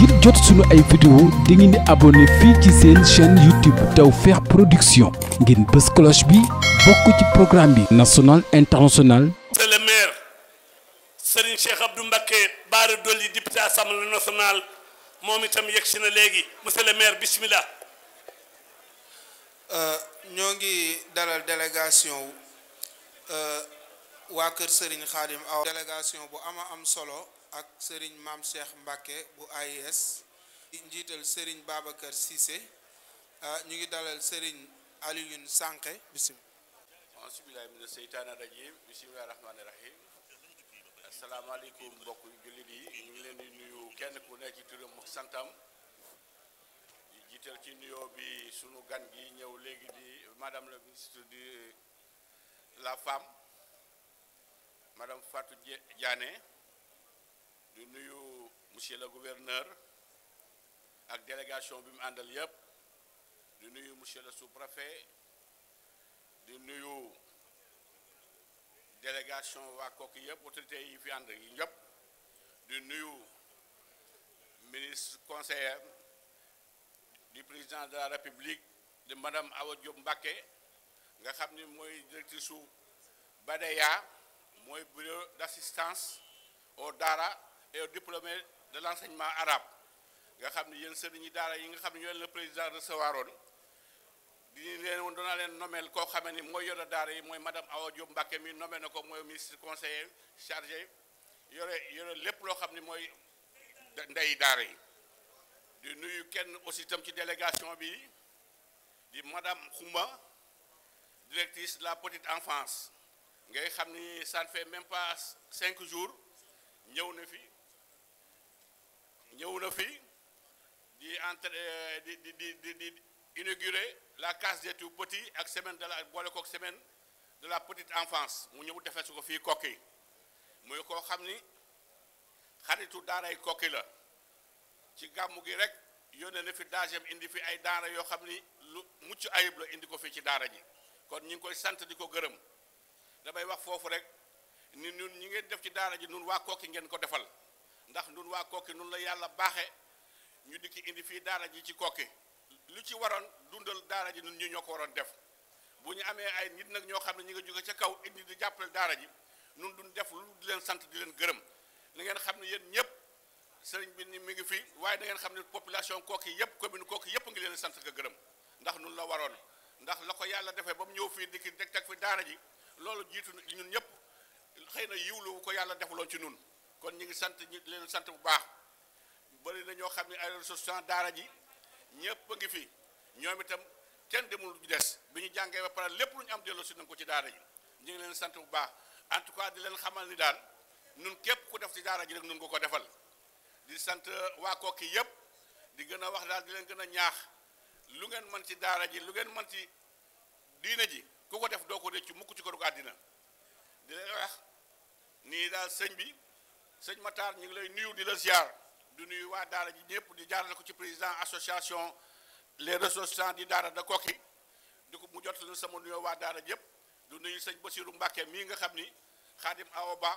ngir jot suñu ay vidéo di ngeen di abonné fii ci seen chaîne YouTube Tawfekh Production ngeen bës cloche bi bokk ci programme bi national international moom itam yegsi na léegi monsieur le maire bismillah euh, ñoo ngi dalal délégation wu euh, waa kër Serigne Khadim aw délégation bu ama am solo ak sëriñ maam Cheikh Mbacke bu AIS njiital sëriñ Babacar Cissé ah, ñu ngi dalal sëriñ Alioune Sànqe bisimilah. bisimilah mina seytaana rajim bisimilah rahmaani rahim asalaamaaleykum mbokk jullit yi ñu ngi leen di nuyu kenn ku nekk ci turam ak santam di jiital ci nuyoo bi sunu gan gi ñëw léegi di madame la ministre de la femme madame Fatou Diané. di nuyu monsieur le gouverneur ak délégation bi mu àndal yépp di nuyu monsieur le sous-préfet di nuyu délégation waa Koki yépp autorités yi fi ànd yi ñépp di nuyu ministre conseiller du président de la république di madame Awa Diop Mbacké nga xam ni mooy directrice su Badeya mooy bureau d'assistance au Dara et aux diplômés de l'enseignement arabe nga xam ne yéen sëriñi daara yi nga xam ne ñoo la le président recevoir woon di leen woon danaa leen nomel koo xamee ni mooy yore daara yi mooy madame Awa Diop Mbacké mi nommé na ko mooy ministre conseiller chargé yore yore lépp loo xam ne mooy ndey daara yi di nuyu kenn aussi tam ci délégation bi di madame Khoumba directrice de la petite enfance ngay xam ni ça ne fait même pas cinq jours ñëw na fi ñëw na fi di entre euh, di di di di la case des tout petits ak semaine de la boole kook semaine de la petite enfance mu ñëw defee su ko fii kokki muy koo xam ni xaritu daaray kokki la ci gàmmu gi rek yónnee na fi daagem indi fi ay daara yoo xam ni lu mucc ayib la indi ko fii ci daara ji kon ñu ngi koy sant di ko gërëm damay wax foofu rek ni ñun ñi ngeen def ci daara ji ñun waa kokki ngeen ko defal ndax nun waa kokki nun la yàlla baaxe ñu dikki indi fii daara ji ci kokki lu ci waroon dundal daara ji nun ñi ñoo ko waroon def bu ñu amee ay nit nag ñoo xam ne ñi nga jóge ca kaw indi di jàppale daara ji nun duñ def lu di leen sant di leen gërëm na ngeen xam ne yéen ñëpp sëriñ bi ni mu ngi fi waaye da ngeen xam ne population kokki yëpp commune kokki yëpp ngi leen sant ka gërëm ndax nun la waroon ndax la ko yàlla defee ba mu ñëw fii dikki teg teg fi daara ji loolu jiitu ñun ñëpp xëy na yiwlu ko yàlla defuloon ci nun kon ñu ngi sant ñu leen sant bu baax bëri na ñoo xam ne ay ressources daara ji ñëpp a ngi fi ñoom itam kenn demul lu des bi ñu jàngee ba pare lépp lu ñu am delloo si nañ ko ci daara ji ñu ngi leen bu baax en tout cas di leen xamal ni daal nun képp ku def ci daara ji rek nun ko ko defal di sant waa Koki yëpp di gën a wax daal di leen gën a ñaax lu ngeen mën ci daara ji lu ngeen mën ci diina ji ku ko def doo ko rëcc mukk ci ko àddina di leen wax nii daal sëñ bi sëñ Matar ñu ngi lay nuyu di la ziar du nuyu waa daara ji ñëpp di jaarale ko ci président association les ressortissants di daara da Koki du ko mu jot la sama nuyoo waa daara yëpp du nuyu sëñ Basiru Mbàkke mii nga xam ni Xaadim Awa Ba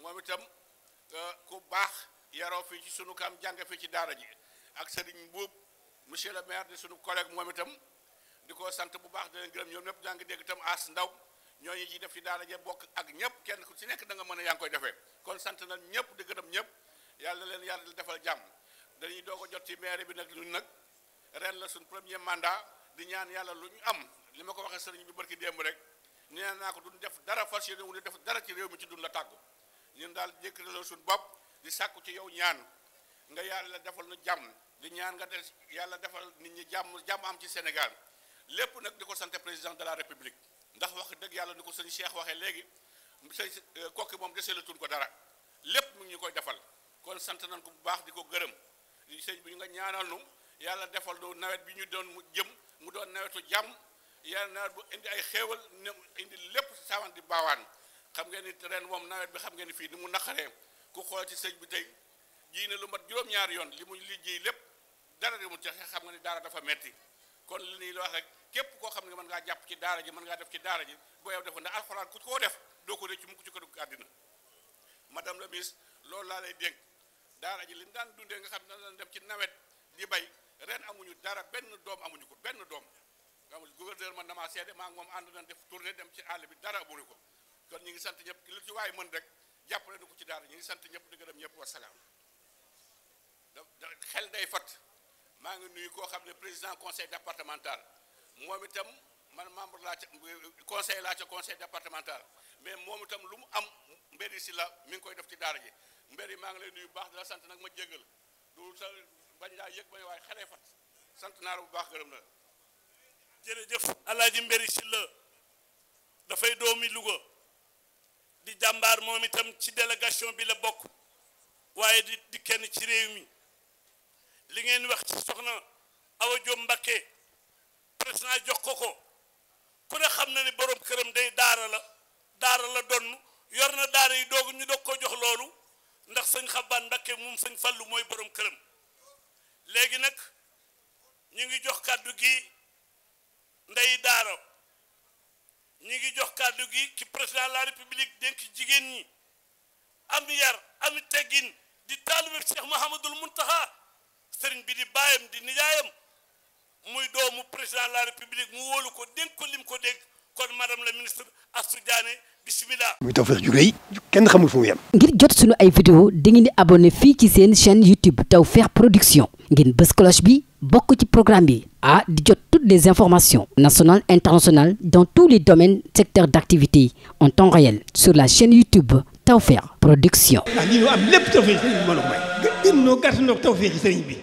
moom itam euh, ku baax yaroo fii ci sunu kam jànge fii ci daara ji ak sëriñ Mbuub monsieur le maire di sunu collègue moom itam di ko sant bu baax di leen gërëm ñoom ñëpp daa ngi dégg itam As Ndaw ñooñu ji def ci daara ja bokk ak ñëpp kenn ku ci nekk da nga mën a yaa ngi koy defee kon sant na ñëpp di gërëm ñëpp yàlla leen yàlla defal jàmm dañuy doog a jot ci maire bi nag lu nag ren la suñ premier mandat di ñaan yàlla lu ñu am li ma ko waxee sëriñ bi barki démb rek nee naa ko duñ def dara fas yéene wu dara ci réew mi ci dun la tàggu ñun daal jékkaloo suñ bopp di sàkku ci yow ñaan nga yàlla defal nu jàmm di ñaan nga des yàlla defal nit ñi jàmm jàmm am ci Sénégal lépp nag di ko sant président de la république ndax wax dëgg yàlla ni ko sëñ Cheikh waxee léegi sëñ euh, kokki moom desee la tun ko dara lépp mu ñu koy defal kon sant nañ ko bu baax di ko gërëm sëñ bi ñu nga ñaanal nu yàlla defal doo nawet bi ñu doon mu jëm mu doon nawetu jàmm yàlla nawet bu indi ay xéewal indi lépp sawan di baawaan xam ngeen ni ren moom nawet bi xam ngeen ni fii ni mu naqaree ku xool ci sëñ bi tey jii ne lu mat juróom-ñaari yoon li mu liggéey lépp dara di mu texe xam nga ni dara dafa metti kon li nii wax rek képp koo xam ne mën ngaa jàpp ci daara ji mën ngaa def ci daara ji boo yow def ko ndax alxuraan ku koo def doo ko rëcc mukk ci këru àddina madame la ministre loolu laa lay dénk ji li ñu daan dundee nga xam ne daan dem ci nawet di bay ren amuñu dara benn doom amuñu ko benn doom nga xam gouverneur man damaa seede maa ngi moom ànd nañ def tournée dem ci àll bi dara amuñu ko kon ñu ngi sant ñëpp li ci waay mën rek jàppale na ko ci daara ñu ngi sant ñëpp di gërëm ñëpp wasalaam da xel day fat maa ngi nuyu koo xam ne président conseil départemental moom itam man membre laa ca conseil laa ca conseil départemental mais moom itam lu mu am mbéri si la mi ngi koy def ci daara ji mbéri maa ngi lay nuyu bu baax di sant nag ma jéggal du sa bañ laa yëg bañ waaye xalee fat sant naa bu baax gërëm na la jërëjëf alaaji mbéri si la dafay doomi Louga di jàmbaar moom itam ci délégation bi la bokk waaye di di kenn ci réew mi li ngeen wax ci soxna Awa Diop Mbakke président jox ko ko ku ne xam na ne boroom këram day daara la daara la donn yor na daara yi doog ñu doog ko jox loolu ndax sëñ Xabbaan Mbakke moom sëñ Fallu mooy boroom këram léegi nag ñu ngi jox kàddu gi ndey daara ñu ngi jox kàddu gi ci président de la république dénk jigéen ñi am yar am teggin di taalibe Cheikh Mahamadul Muntaha sëriñ bi di baayam di nijaayam muy doomu président la république mu wóolu ko dénk ko lim ko dégg kon madame la ministre Astou Diané muy Tawfekh jugee kenn xamul fu mu ngir jot sunu ay vidéo dangeen di abonné fii ci seen chaîne YouTube Tawfekh Production ngeen bës cloche bi bokk ci programme bi ah di jot toutes des informations national internationales dans tous les domaines secteurs d'activité en temps réel sur la chaîne YouTube Tawfekh Production. ah lii loo am lépp